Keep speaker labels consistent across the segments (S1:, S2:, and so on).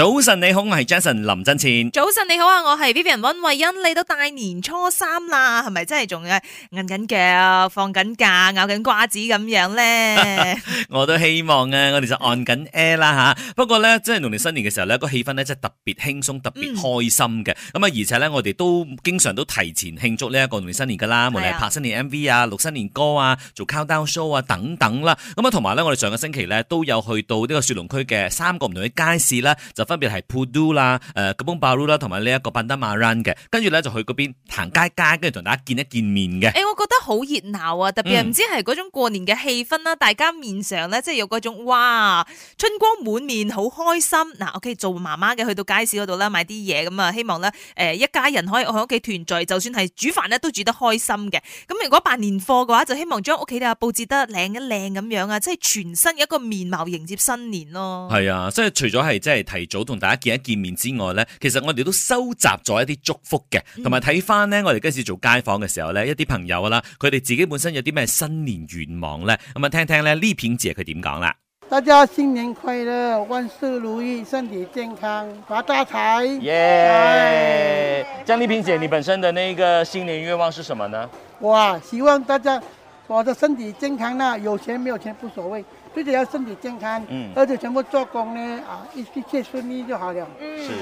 S1: 早晨你好，我係 Jason 林振前。
S2: 早晨你好啊，我係 Vivian 溫慧欣。嚟到大年初三啦，係咪真係仲要按緊腳、放緊假、咬緊瓜子咁樣咧？
S1: 我都希望啊，我哋就按緊 A 啦吓。不過咧，真、就、係、是、農曆新年嘅時候咧，那個氣氛咧真係特別輕鬆、特別開心嘅。咁、嗯、啊，而且咧，我哋都經常都提前慶祝呢一個農曆新年噶啦，無論係拍新年 MV 啊、錄新年歌啊、做 countdown show 啊等等啦。咁啊，同埋咧，我哋上個星期咧都有去到呢個雪龍區嘅三個唔同嘅街市啦，分別係普都啦、誒甘榜巴魯啦，同埋呢一個班德馬 run 嘅，跟住咧就去嗰邊行街街，跟住同大家見一見面嘅。誒，
S2: 我覺得好熱鬧啊！特別係唔知係嗰種過年嘅氣氛啦、啊，嗯、大家面上咧即係有嗰種哇春光滿面，好開心。嗱、啊，我哋做媽媽嘅去到街市嗰度啦，買啲嘢咁啊，希望咧誒一家人可以喺屋企團聚，就算係煮飯咧都煮得開心嘅。咁如果辦年貨嘅話，就希望將屋企咧佈置得靚一靚咁樣啊，即係全新一個面貌迎接新年咯。
S1: 係啊，即係除咗係即係提早同大家見一見面之外呢，其實我哋都收集咗一啲祝福嘅，同埋睇返呢，我哋今次做街訪嘅時候呢，一啲朋友啦，佢哋自己本身有啲咩新年願望呢？咁啊聽聽咧麗萍姐佢點講啦。大家新年快樂，萬事如意，身體健康，發大財。耶！張麗萍姐，Hi. 你本身的那個新年願望是什麼呢？我希望大家我的身體健康啦，有錢沒有錢無所謂。最緊要身體健康、嗯，而且全部做工呢啊，一切順利就好了，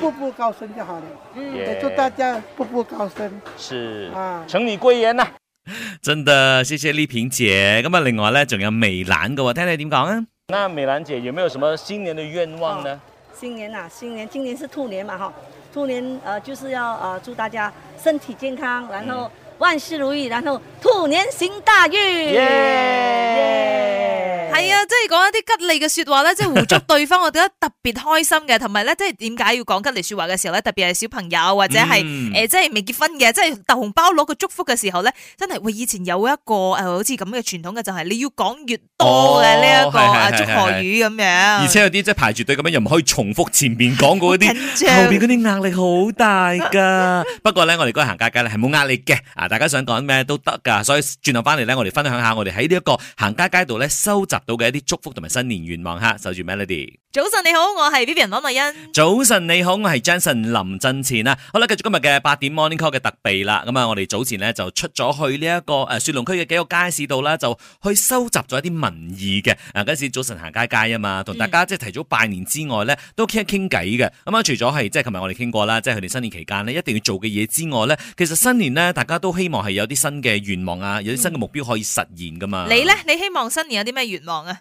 S1: 步步高升就好了。Yeah. 也祝大家步步高升，是啊，承你貴言呐、啊。真的，謝謝麗萍姐。咁啊，另外咧，仲有美蘭嘅話，聽你點講啊？那美蘭姐有沒有什麼新年的願望呢、哦？新
S2: 年啊，新年，今年是兔年嘛，哈，兔年呃就是要啊、呃，祝大家身體健康，然後、嗯、萬事如意，然後兔年行大運。Yeah! Yeah! 係、哎、啊，即係講一啲吉利嘅說話咧，即係互祝對方，我哋得特別開心嘅，同埋咧即係點解要講吉利說話嘅時候咧，特別係小朋友或者係誒、嗯呃，即係未結婚嘅，即係逗紅包攞個祝福嘅時候咧，真係喂，以前有一個誒，好似咁嘅傳統嘅就係、是、你要講
S1: 越多嘅呢一個祝賀語咁樣是是是，而且有啲即係排住隊咁樣，又唔可以重複前面講過嗰啲， 後邊嗰啲壓力好大噶。 不過咧，我哋嗰行街街咧係冇壓力嘅，啊，大家想講咩都得噶，所以轉頭翻嚟咧，我哋分享下我哋喺呢一個行街街度咧收集到嘅一啲祝福同埋新年願望，吓，守住 melody。
S2: 早晨你好，我係 Vivian 羅美欣。
S1: 早晨你好，我係 Johnson 林振前啦。好啦，繼續今日嘅八點 Morning Call 嘅特備啦。咁啊，我哋早前咧就出咗去呢、這、一個誒、呃、雪龍區嘅幾個街市度啦，就去收集咗一啲民意嘅。嗱、啊，嗰陣時早晨行街街啊嘛，同大家、嗯、即係提早拜年之外咧，都傾一傾偈嘅。咁、嗯、啊，除咗係即係琴日我哋傾過啦，即係佢哋新年期間呢，一定要做嘅嘢之外咧，其實新年咧大家都希望係有啲新嘅願望啊，有啲新嘅目標可以實現噶嘛。嗯、你
S2: 咧，你希望新年有啲咩願望啊？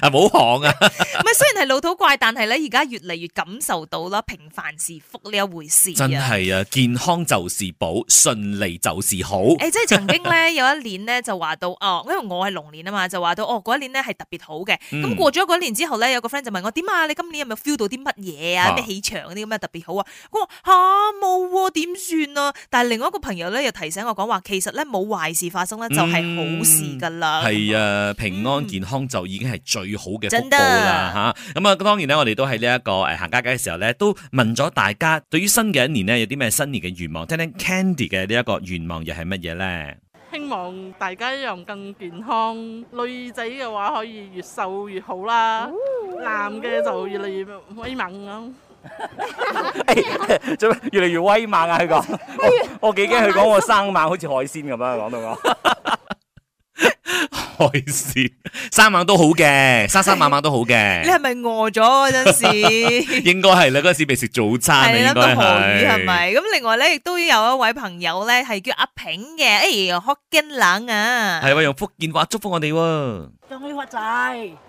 S1: 啊冇行啊
S2: 唔係雖然係老土怪，但係咧而家越嚟越感受到啦，平凡是福呢一回事。真係
S1: 啊，健康就是寶，順利就是好。誒， 即係
S2: 曾經咧，有一年咧就話到哦，因為我係龍年啊嘛，就話到哦嗰年咧係特別好嘅。咁、嗯、過咗嗰年之後咧，有個 friend 就問我點啊？你今年有冇 feel 到啲乜嘢啊？咩氣場嗰啲咁啊特別好我話啊？佢話吓冇點算啊！但係另外一個朋友咧又提醒我講話，其實咧冇壞事發生咧就係好事噶啦。係、
S1: 嗯、啊、嗯，平安健康就已經係最。越好嘅福報啦吓，咁啊當然咧，我哋都喺呢一個誒行、呃、街街嘅時候咧，都問咗大家對於新嘅一年咧有啲咩新年嘅願望，聽聽 Candy 嘅呢一個願望又係乜嘢咧？希望大家一樣更健康，女仔嘅話可以越瘦越好啦，哦哦、男嘅就越嚟越威猛啊！做 咩、 哎、越嚟越威猛啊？佢 講， 我我幾驚佢講我生猛，猛猛啊、好似海鮮咁樣！講到我。 開線，三晚都好嘅，三三晚晚都好嘅。 你
S2: 係咪餓咗嗰陣時？
S1: 應該係啦，嗰陣時未食早餐， 應你應該係。
S2: 咁另外咧，亦都有一位朋友咧，係叫阿平嘅，哎，好驚冷啊！
S1: 係啊，用福建話祝福我哋喎，恭喜發仔。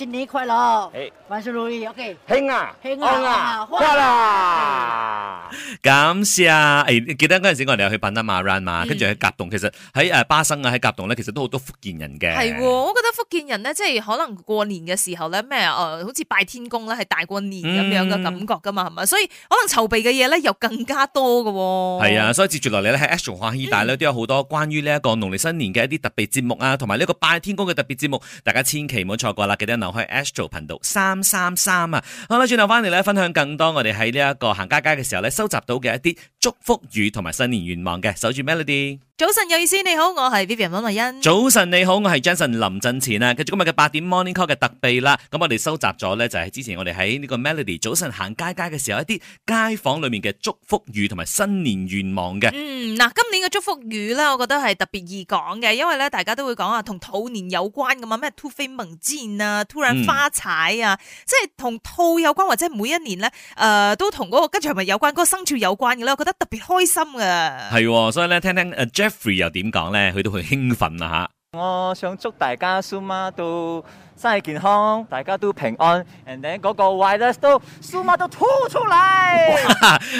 S1: 新年快樂，萬事如意。OK，興啊，興啊，花、啊、啦、啊啊！感謝。誒、哎，記得嗰陣時我哋有去班達馬蘭嘛，跟住喺甲洞。其實喺誒巴生啊，喺甲洞咧，其實都好多福建人嘅、嗯。係
S2: 喎、哦，我覺得福建人咧，即係可能過年嘅時候咧，咩誒、呃、好似拜天公啦，係大過年咁樣嘅感覺噶嘛，係、嗯、嘛？所以可能籌備嘅嘢咧，又更加多嘅喎、哦嗯。係啊，所
S1: 以接住落嚟咧喺 Astro 華麗台咧，都、嗯、有好多關於呢一個農曆新年嘅一啲特別節目啊，同埋呢一個拜天公嘅特別節目，大家千祈唔好錯過啦！記得去 Astro 頻道三三三啊！好啦，轉頭翻嚟咧，分享更多我哋喺呢一個行街街嘅時候咧，收集到嘅一啲祝福語同埋新年願望嘅，守住 Melody。
S2: 早晨有意思，你好，我係 Vivian 文麗欣。
S1: 早晨你好，我係 Jason 林振前啊。繼續今日嘅八點 Morning Call 嘅特備啦，咁我哋收集咗咧，就係之前我哋喺呢個 Melody 早晨行街街嘅時候一啲街坊裏面嘅祝福語同埋新年願望嘅。嗯，
S2: 嗱，今年嘅祝福語咧，我覺得係特別易講嘅，因為咧大家都會講啊，同兔年有關㗎嘛。咩兔飛猛進啊、突然花踩啊，即係同兔有關或者每一年咧，誒、呃，都同嗰個吉祥物有關嗰、那個生肖有關嘅咧，我覺得特別開心嘅。
S1: 係、哦，所以咧聽聽又點講咧？佢都好興奮啊！吓，我想祝大家蘇媽都身體健康，大家都平安，And then 嗰個壞人都蘇媽都吐出來，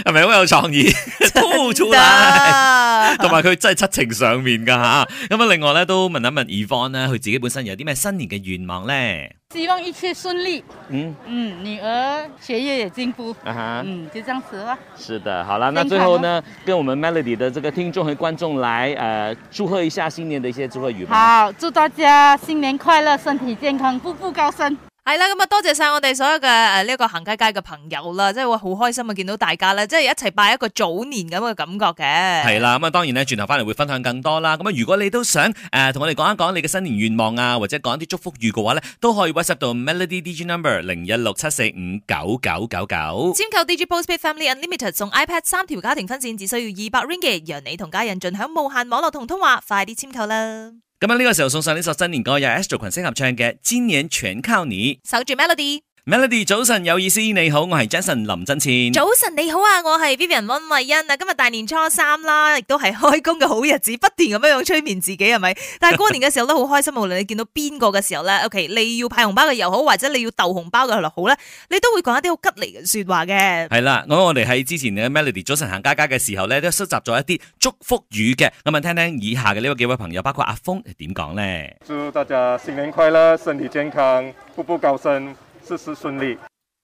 S1: 係咪好有創意？吐出來，同埋佢真係七情上面噶吓。咁啊，另外咧都問一問怡芳咧，佢自己本身有啲咩新年嘅願望咧？
S2: 希望一切順利。嗯嗯，女兒學業也進步。啊、uh-huh、哈，嗯，就這樣子吧。
S1: 是的，好了、哦，那最後呢，跟我們 Melody 的這個聽眾和觀眾來，呃，祝賀一下新年的一些祝賀語。好，
S2: 祝大家新年快樂，身體健康，步步高升。係啦，咁 啊樂、嗯、多謝晒我哋所有嘅誒呢個行街街嘅朋友啦，即係我好開心啊見到大家咧，即係一齊拜一個早年咁嘅感覺嘅。係
S1: 啦，咁、嗯、啊當然咧，轉頭翻嚟會分享更多啦。咁啊，如果你都想誒同、呃、我哋講一講你嘅新年願望啊，或者講一啲祝福語嘅話咧，都可以 WhatsApp 到 Melody Digi Number 零一六七四五九九九九。
S2: 簽購 Digi Postpaid Family Unlimited 送 iPad 三條家庭分線，只需要二百 Ringgit，讓你同家人盡享無限網絡同通話，快啲簽購啦！
S1: 咁啊呢個時候，送上呢首新年歌，由 Esther 群星合唱嘅《今年全靠你》，
S2: 守住 melody。
S1: Melody 早晨有意思，你好，我係 Jason 林真前。早
S2: 晨你好啊，我係 Vivian 溫慧欣啊，今日大年初三啦，亦都係開工嘅好日子，不斷咁樣樣催眠自己係咪？但係過年嘅時候都好開心， 無論你見到邊個嘅時候咧，OK，你要派紅包嘅又好，或者你要逗紅包嘅，又好咧，你都會講一啲好吉利嘅說話嘅。
S1: 係啦，我我哋喺之前嘅 Melody 早晨行街街嘅時候咧，都收集咗一啲祝福語嘅，咁咪聽聽以下嘅呢位幾位朋友，包括阿峰係點講咧？祝大家新年快樂，身體健康，步步高升。事事順利，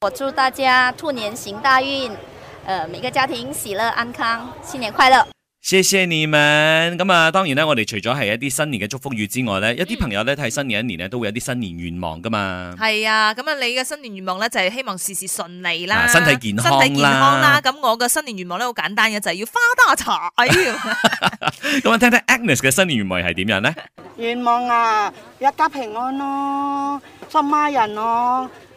S2: 我祝大家兔年行大運，呃，每個家庭喜樂安康，新年快樂。
S1: 謝謝你們。咁啊，當然咧，我哋除咗係一啲新年嘅祝福語之外咧，一啲朋友咧睇、嗯、新年一年咧都會有啲新年願望噶嘛。
S2: 係啊，咁、就是、啊，你嘅新年願望咧就係希望事事順利啦，身體健康身體健康啦，咁我嘅新年願望咧好簡單嘅就係、是、要花多茶。
S1: 咁 我聽聽 Agnes 嘅新年願望係點樣咧？
S2: 願望啊，一家平安咯，心安人咯。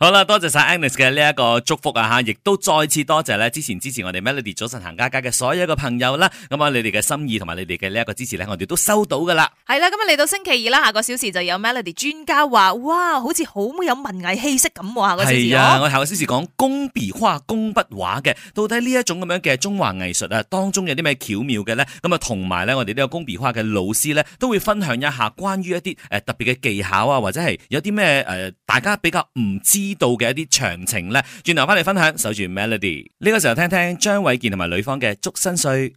S1: 好啦，多謝晒 Anice 嘅呢一個祝福啊吓，亦都再次多謝咧之前支持我哋 Melody 早晨行街街嘅所有嘅朋友啦，咁啊，你哋嘅心意同埋你哋嘅呢一個支持咧，我哋都收到噶啦。
S2: 係啦，咁啊嚟到星期二啦，下個小時就有 Melody 專家話，哇，好似好冇有文藝氣息咁。係啊，我
S1: 下個小時講工筆畫、工筆畫嘅，到底呢一種咁樣嘅中華藝術啊，當中有啲咩巧妙嘅呢？咁啊，同埋咧，我哋呢個工筆畫嘅老師咧，都會分享一下關於一啲誒、呃、特別嘅技巧啊，或者係有啲咩誒大家比較唔知道嘅一啲詳情咧。轉頭翻嚟分享守，守住 Melody 呢個時候聽聽張偉健同埋女方嘅《祝新歲》。